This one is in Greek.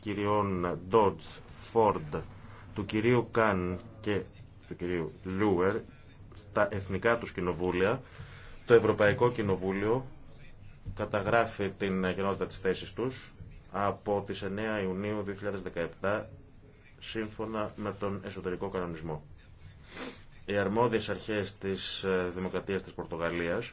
κυριών Dodge, Ford, του κυρίου Καν και του κυρίου Λούερ στα εθνικά τους κοινοβούλια, το Ευρωπαϊκό Κοινοβούλιο καταγράφει την γενότητα της θέσης τους από τις 9 Ιουνίου 2017 σύμφωνα με τον εσωτερικό κανονισμό. Οι αρμόδιες αρχές της ε, Δημοκρατίας της Πορτογαλίας